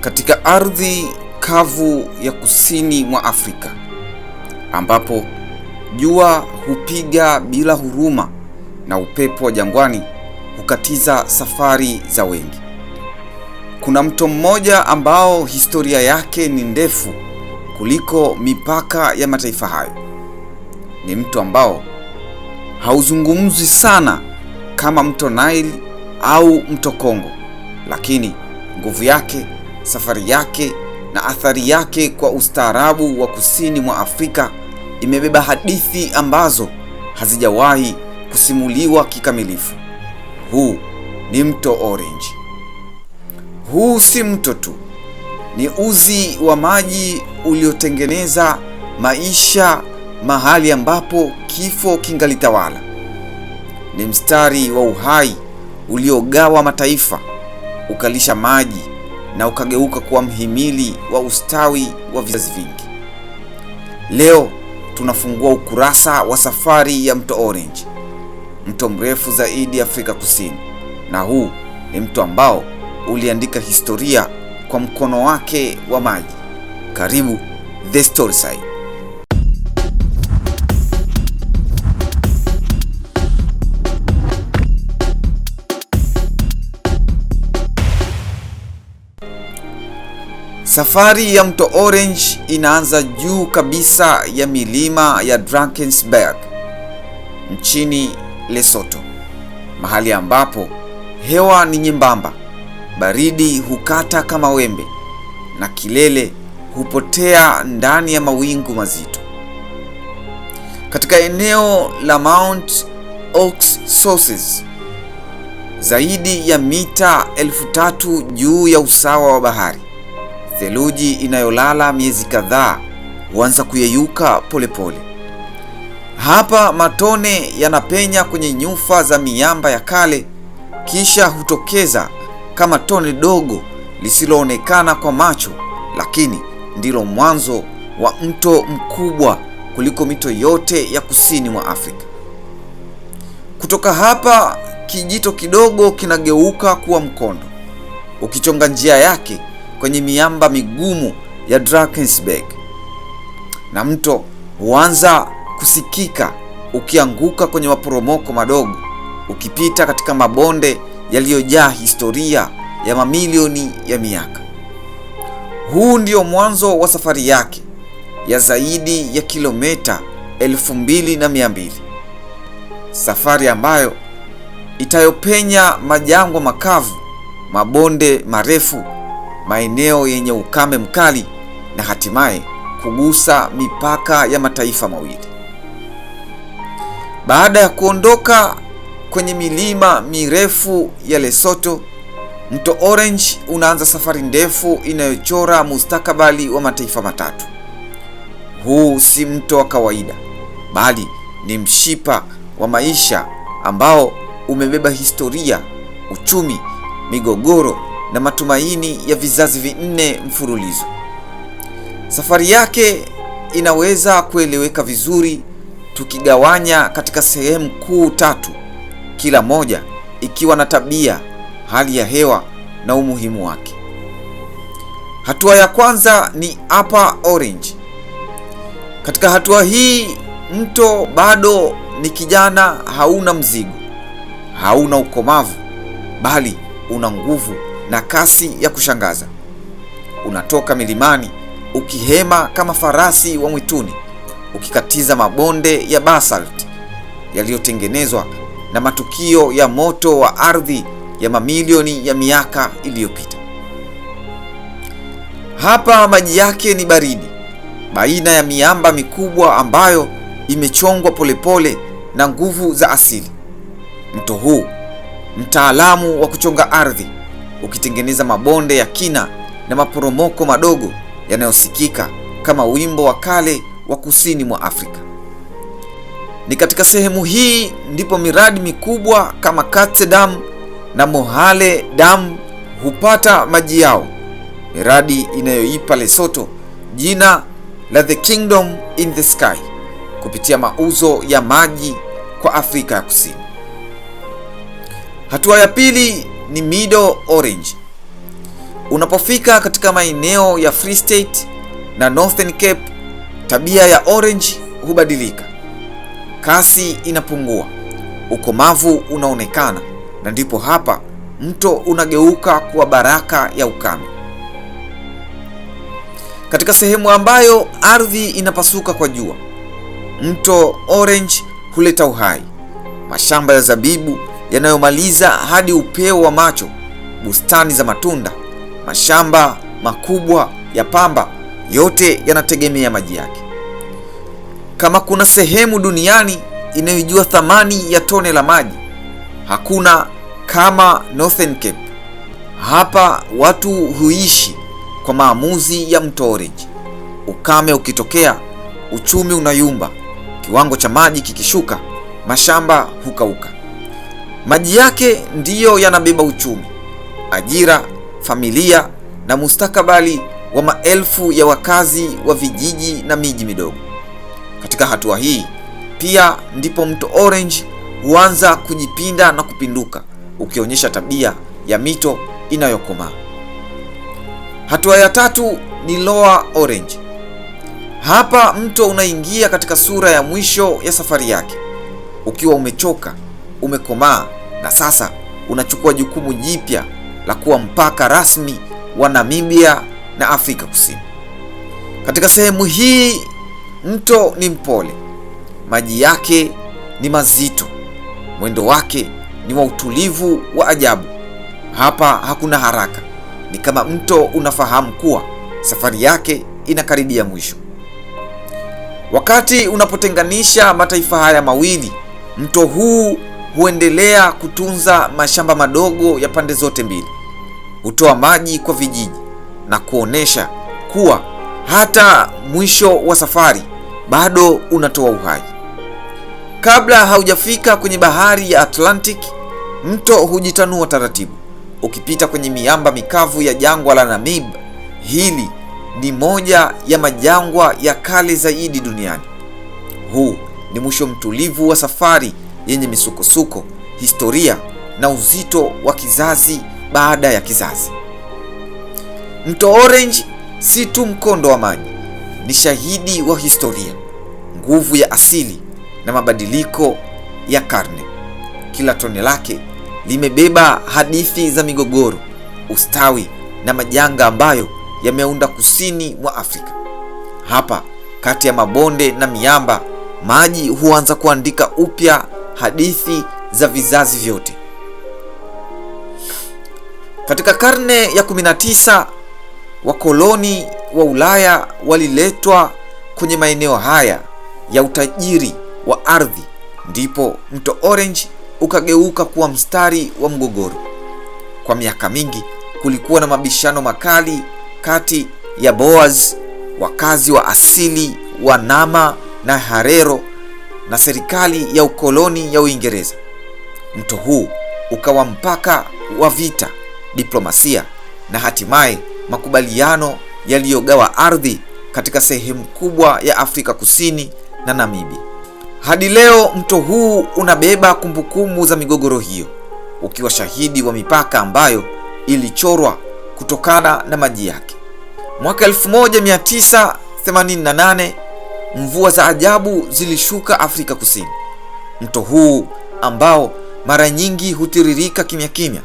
katika ardhi kavu ya kusini mwa Afrika ambapo jua hupiga bila huruma na upepo wa jangwani hukatiza safari za wengi. Kuna mto mmoja ambao historia yake ni ndefu kuliko mipaka ya mataifa hayo. Ni mto ambao hauzungumzwi sana kama mto Nile au mto Kongo, lakini nguvu yake Safari yake na athari yake kwa ustaarabu wa kusini mwa Afrika imebeba hadithi ambazo hazijawahi kusimuliwa kikamilifu. Huu ni mto Orange. Huu si mto tu, ni uzi wa maji uliotengeneza maisha mahali ambapo kifo kingalitawala. Ni mstari wa uhai uliogawa mataifa, ukalisha maji na ukageuka kuwa mhimili wa ustawi wa vizazi vingi. Leo tunafungua ukurasa wa safari ya mto Orange, mto mrefu zaidi Afrika Kusini, na huu ni mto ambao uliandika historia kwa mkono wake wa maji. Karibu The Storyside. Safari ya mto Orange inaanza juu kabisa ya milima ya Drakensberg nchini Lesotho, mahali ambapo hewa ni nyembamba, baridi hukata kama wembe na kilele hupotea ndani ya mawingu mazito. Katika eneo la Mount Ox Sources, zaidi ya mita elfu tatu juu ya usawa wa bahari Theluji inayolala miezi kadhaa huanza kuyeyuka polepole pole. Hapa matone yanapenya kwenye nyufa za miamba ya kale, kisha hutokeza kama tone dogo lisiloonekana kwa macho, lakini ndilo mwanzo wa mto mkubwa kuliko mito yote ya kusini mwa Afrika. Kutoka hapa kijito kidogo kinageuka kuwa mkondo, ukichonga njia yake kwenye miamba migumu ya Drakensberg, na mto huanza kusikika ukianguka kwenye maporomoko madogo, ukipita katika mabonde yaliyojaa historia ya mamilioni ya miaka. Huu ndio mwanzo wa safari yake ya zaidi ya kilomita elfu mbili na mia mbili, safari ambayo itayopenya majangwa makavu, mabonde marefu maeneo yenye ukame mkali na hatimaye kugusa mipaka ya mataifa mawili. Baada ya kuondoka kwenye milima mirefu ya Lesotho, mto Orange unaanza safari ndefu inayochora mustakabali wa mataifa matatu. Huu si mto wa kawaida, bali ni mshipa wa maisha ambao umebeba historia, uchumi, migogoro na matumaini ya vizazi vinne mfululizo. Safari yake inaweza kueleweka vizuri tukigawanya katika sehemu kuu tatu, kila moja ikiwa na tabia, hali ya hewa na umuhimu wake. Hatua ya kwanza ni Upper Orange. Katika hatua hii mto bado ni kijana, hauna mzigo, hauna ukomavu, bali una nguvu na kasi ya kushangaza. Unatoka milimani ukihema kama farasi wa mwituni, ukikatiza mabonde ya basalt yaliyotengenezwa na matukio ya moto wa ardhi ya mamilioni ya miaka iliyopita. Hapa maji yake ni baridi, baina ya miamba mikubwa ambayo imechongwa polepole na nguvu za asili. Mto huu, mtaalamu wa kuchonga ardhi, ukitengeneza mabonde ya kina na maporomoko madogo yanayosikika kama wimbo wa kale wa kusini mwa Afrika. Ni katika sehemu hii ndipo miradi mikubwa kama Katse Dam na Mohale Dam hupata maji yao, miradi inayoipa Lesotho jina la The Kingdom in the Sky kupitia mauzo ya maji kwa Afrika ya Kusini. Hatua ya pili ni Middle Orange. Unapofika katika maeneo ya Free State na Northern Cape, tabia ya orange hubadilika, kasi inapungua, ukomavu unaonekana, na ndipo hapa mto unageuka kuwa baraka ya ukame. Katika sehemu ambayo ardhi inapasuka kwa jua, mto Orange huleta uhai, mashamba ya zabibu yanayomaliza hadi upeo wa macho, bustani za matunda, mashamba makubwa ya pamba, yote yanategemea maji yake. Kama kuna sehemu duniani inayojua thamani ya tone la maji, hakuna kama Northern Cape. Hapa watu huishi kwa maamuzi ya mto Orange. Ukame ukitokea, uchumi unayumba. Kiwango cha maji kikishuka, mashamba hukauka. Maji yake ndiyo yanabeba uchumi, ajira, familia na mustakabali wa maelfu ya wakazi wa vijiji na miji midogo. Katika hatua hii pia ndipo mto Orange huanza kujipinda na kupinduka, ukionyesha tabia ya mito inayokomaa. Hatua ya tatu ni Lower Orange. Hapa mto unaingia katika sura ya mwisho ya safari yake ukiwa umechoka umekomaa na sasa unachukua jukumu jipya la kuwa mpaka rasmi wa Namibia na Afrika Kusini. Katika sehemu hii mto ni mpole, maji yake ni mazito, mwendo wake ni wa utulivu wa ajabu. Hapa hakuna haraka, ni kama mto unafahamu kuwa safari yake inakaribia mwisho. Wakati unapotenganisha mataifa haya mawili, mto huu huendelea kutunza mashamba madogo ya pande zote mbili, hutoa maji kwa vijiji na kuonesha kuwa hata mwisho wa safari bado unatoa uhai. Kabla haujafika kwenye bahari ya Atlantic, mto hujitanua taratibu ukipita kwenye miamba mikavu ya jangwa la Namib. Hili ni moja ya majangwa ya kale zaidi duniani. Huu ni mwisho mtulivu wa safari yenye misukosuko, historia na uzito wa kizazi baada ya kizazi. Mto Orange si tu mkondo wa maji, ni shahidi wa historia, nguvu ya asili na mabadiliko ya karne. Kila tone lake limebeba hadithi za migogoro, ustawi na majanga ambayo yameunda kusini mwa Afrika. Hapa kati ya mabonde na miamba, maji huanza kuandika upya hadithi za vizazi vyote. Katika karne ya 19 wakoloni wa Ulaya waliletwa kwenye maeneo haya ya utajiri wa ardhi, ndipo mto Orange ukageuka kuwa mstari wa mgogoro. Kwa miaka mingi kulikuwa na mabishano makali kati ya Boers, wakazi wa asili wa Nama na Herero na serikali ya ukoloni ya Uingereza. Mto huu ukawa mpaka wa vita, diplomasia na hatimaye makubaliano yaliyogawa ardhi katika sehemu kubwa ya Afrika Kusini na Namibia. Hadi leo mto huu unabeba kumbukumbu za migogoro hiyo, ukiwa shahidi wa mipaka ambayo ilichorwa kutokana na maji yake. Mwaka 1988 mvua za ajabu zilishuka Afrika Kusini. Mto huu ambao mara nyingi hutiririka kimya kimya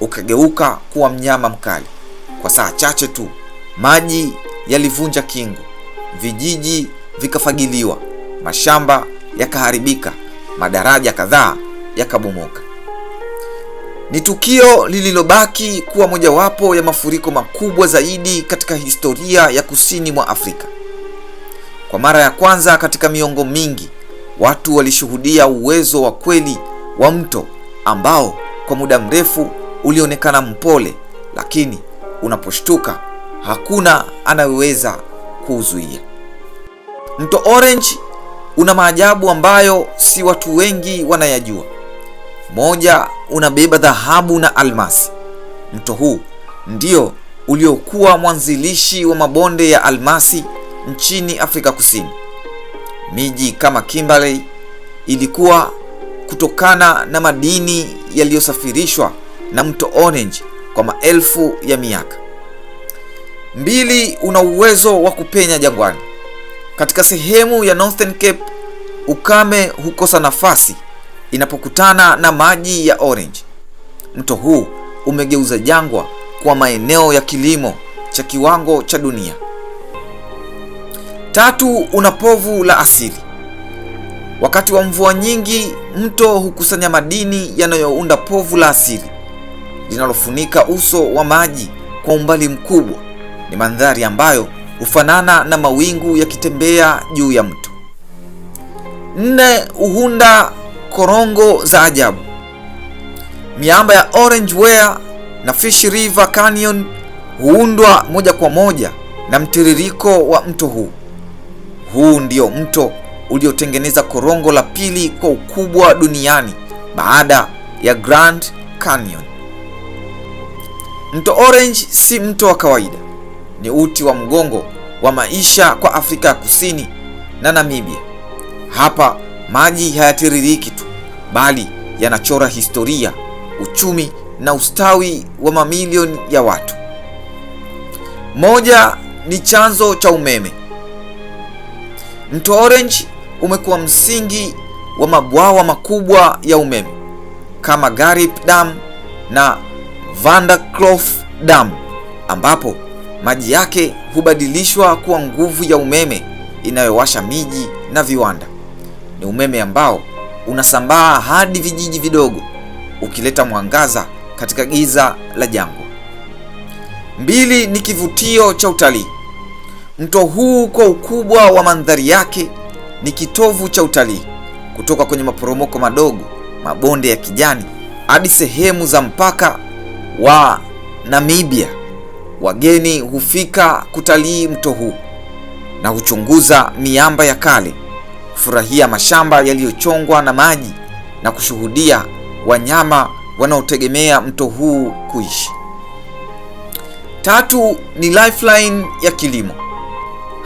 ukageuka kuwa mnyama mkali. Kwa saa chache tu maji yalivunja kingo, vijiji vikafagiliwa, mashamba yakaharibika, madaraja kadhaa yakabomoka. Ni tukio lililobaki kuwa mojawapo ya mafuriko makubwa zaidi katika historia ya kusini mwa Afrika. Kwa mara ya kwanza katika miongo mingi, watu walishuhudia uwezo wa kweli wa mto ambao kwa muda mrefu ulionekana mpole, lakini unaposhtuka hakuna anayeweza kuuzuia. Mto Orange una maajabu ambayo si watu wengi wanayajua. Moja, unabeba dhahabu na almasi. Mto huu ndio uliokuwa mwanzilishi wa mabonde ya almasi nchini Afrika Kusini. Miji kama Kimberley ilikuwa kutokana na madini yaliyosafirishwa na mto Orange kwa maelfu ya miaka. Mbili, una uwezo wa kupenya jangwani. Katika sehemu ya Northern Cape, ukame hukosa nafasi inapokutana na maji ya Orange. Mto huu umegeuza jangwa kwa maeneo ya kilimo cha kiwango cha dunia. Tatu, una povu la asili. Wakati wa mvua nyingi, mto hukusanya madini yanayounda povu la asili linalofunika uso wa maji kwa umbali mkubwa. Ni mandhari ambayo hufanana na mawingu yakitembea juu ya mto. Nne, uhunda korongo za ajabu. Miamba ya Orange Wear na Fish River Canyon huundwa moja kwa moja na mtiririko wa mto huu. Huu ndio mto uliotengeneza korongo la pili kwa ukubwa duniani baada ya Grand Canyon. Mto Orange si mto wa kawaida, ni uti wa mgongo wa maisha kwa Afrika ya Kusini na Namibia. Hapa maji hayatiririki tu, bali yanachora historia, uchumi na ustawi wa mamilioni ya watu. Moja ni chanzo cha umeme Mto Orange umekuwa msingi wa mabwawa makubwa ya umeme kama Garip Dam na Vanderkloof Dam ambapo maji yake hubadilishwa kuwa nguvu ya umeme inayowasha miji na viwanda. Ni umeme ambao unasambaa hadi vijiji vidogo ukileta mwangaza katika giza la jangwa. Mbili ni kivutio cha utalii. Mto huu kwa ukubwa wa mandhari yake ni kitovu cha utalii, kutoka kwenye maporomoko madogo, mabonde ya kijani hadi sehemu za mpaka wa Namibia. Wageni hufika kutalii mto huu na huchunguza miamba ya kale, kufurahia mashamba yaliyochongwa na maji na kushuhudia wanyama wanaotegemea mto huu kuishi. Tatu ni lifeline ya kilimo.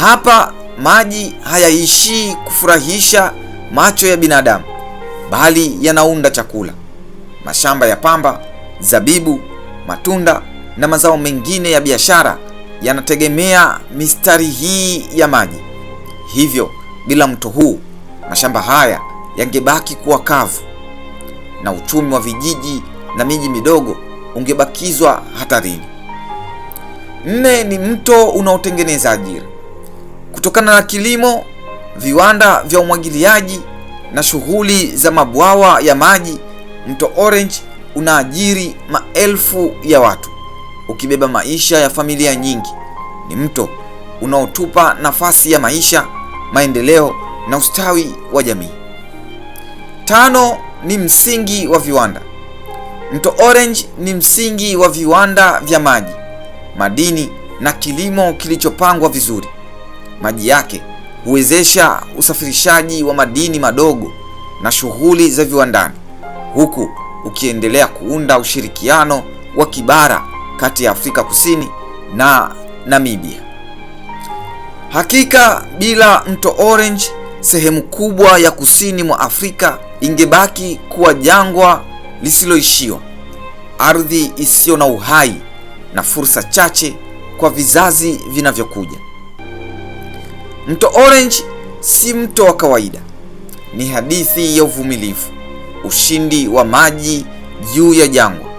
Hapa maji hayaishii kufurahisha macho ya binadamu, bali yanaunda chakula, mashamba ya pamba, zabibu, matunda na mazao mengine ya biashara yanategemea mistari hii ya maji. Hivyo bila mto huu mashamba haya yangebaki kuwa kavu na uchumi wa vijiji na miji midogo ungebakizwa hatarini. Nne ni mto unaotengeneza ajira kutokana na kilimo, viwanda vya umwagiliaji na shughuli za mabwawa ya maji. Mto Orange unaajiri maelfu ya watu, ukibeba maisha ya familia nyingi. Ni mto unaotupa nafasi ya maisha, maendeleo na ustawi wa jamii. Tano, ni msingi wa viwanda. Mto Orange ni msingi wa viwanda vya maji, madini na kilimo kilichopangwa vizuri maji yake huwezesha usafirishaji wa madini madogo na shughuli za viwandani, huku ukiendelea kuunda ushirikiano wa kibara kati ya Afrika Kusini na Namibia. Hakika bila mto Orange, sehemu kubwa ya kusini mwa Afrika ingebaki kuwa jangwa lisiloishiwa, ardhi isiyo na uhai na fursa chache kwa vizazi vinavyokuja. Mto Orange si mto wa kawaida, ni hadithi ya uvumilivu, ushindi wa maji juu ya jangwa,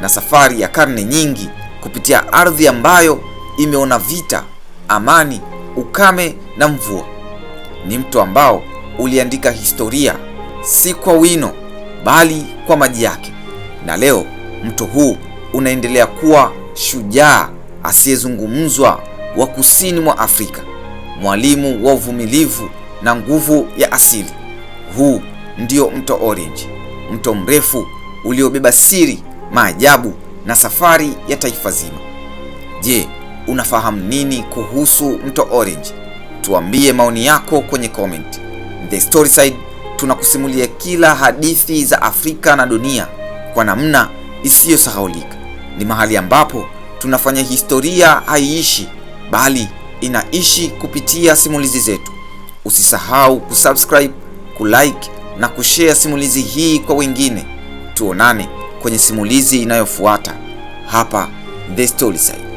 na safari ya karne nyingi kupitia ardhi ambayo imeona vita, amani, ukame na mvua. Ni mto ambao uliandika historia, si kwa wino, bali kwa maji yake, na leo mto huu unaendelea kuwa shujaa asiyezungumzwa wa kusini mwa Afrika mwalimu wa uvumilivu na nguvu ya asili. Huu ndio mto Orange, mto mrefu uliobeba siri, maajabu na safari ya taifa zima. Je, unafahamu nini kuhusu mto Orange? Tuambie maoni yako kwenye comment. The Storyside tunakusimulia kila hadithi za Afrika na dunia kwa namna isiyosahaulika. Ni mahali ambapo tunafanya historia haiishi bali inaishi kupitia simulizi zetu. Usisahau kusubscribe, kulike na kushare simulizi hii kwa wengine. Tuonane kwenye simulizi inayofuata hapa The Side.